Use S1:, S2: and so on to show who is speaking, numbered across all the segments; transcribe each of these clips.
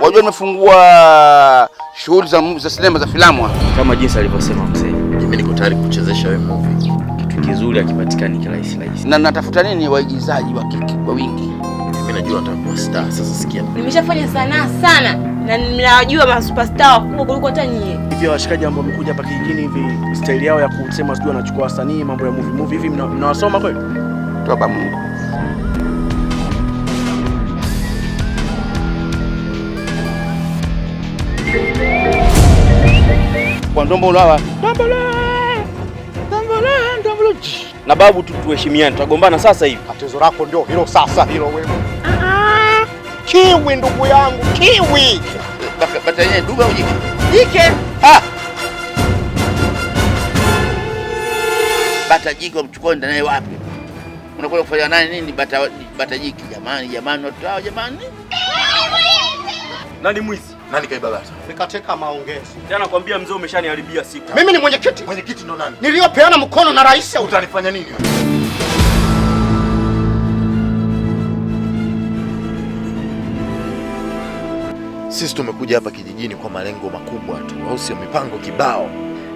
S1: Wajua nimefungua shughuli za, za sinema za filamu
S2: kama jinsi alivyosema mzee. Mimi
S3: niko tayari kuchezesha wewe movie.
S2: Kitu kizuri hakipatikani kirahisi rahisi.
S1: Na natafuta nini waigizaji wa kike kwa wingi.
S3: Mimi najua nitakuwa star sasa sikia.
S4: Nimeshafanya sanaa sana na nimewajua ma superstar wakubwa kuliko hata nyie.
S2: Hivi washikaji ambao wamekuja hapa kijijini hivi style yao ya kusema sijui anachukua wasanii mambo ya movie movie hivi mnawasoma kweli?
S3: Toba Mungu.
S1: kwa ndombolo hawa
S5: ndombolo ndombolo ndombolo
S1: na babu tu, tuheshimiane. Tutagombana sasa hivi.
S6: Tatizo lako ndio hilo sasa, hilo wewe.
S5: Ah, kiwi ndugu yangu, kiwi
S1: bata yeye eh, duga ujike jike ah, bata jike wamchukua ndani naye wapi? Unakwenda kufanya nani nini? Bata bata jike, jamani, jamani, watu hao, jamani eh, nani mwizi? Nani kaibabata? Nikateka maongezi.
S2: Tena nakwambia mzee umeshaniharibia siku.
S1: Mimi ni mwenyekiti.
S2: Mwenyekiti ndo nani?
S1: Niliyopeana mkono na rais.
S2: Utanifanya nini? Sisi tumekuja hapa kijijini kwa malengo makubwa tu, au sio? Mipango kibao.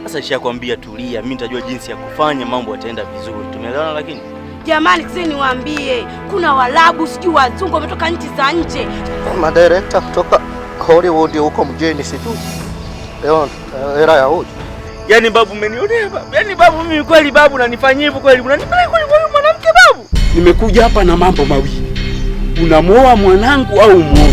S3: Sasa ishakwambia, tulia, mimi nitajua jinsi ya kufanya mambo yataenda vizuri. Tumeelewana lakini?
S4: Jamani kizee, niwaambie kuna walabu sijui wazungu wametoka nchi za nje,
S7: madirekta kutoka Hollywood huko mjini, sijui leo eh, era ya uji.
S5: Yani babu, umenionea babu. Yaani babu, mimi kweli babu, unanifanyia hivyo kweli? Unanipeleka kwa mwanamke babu?
S2: Nimekuja hapa na mambo mawili, unamwoa mwanangu au muoe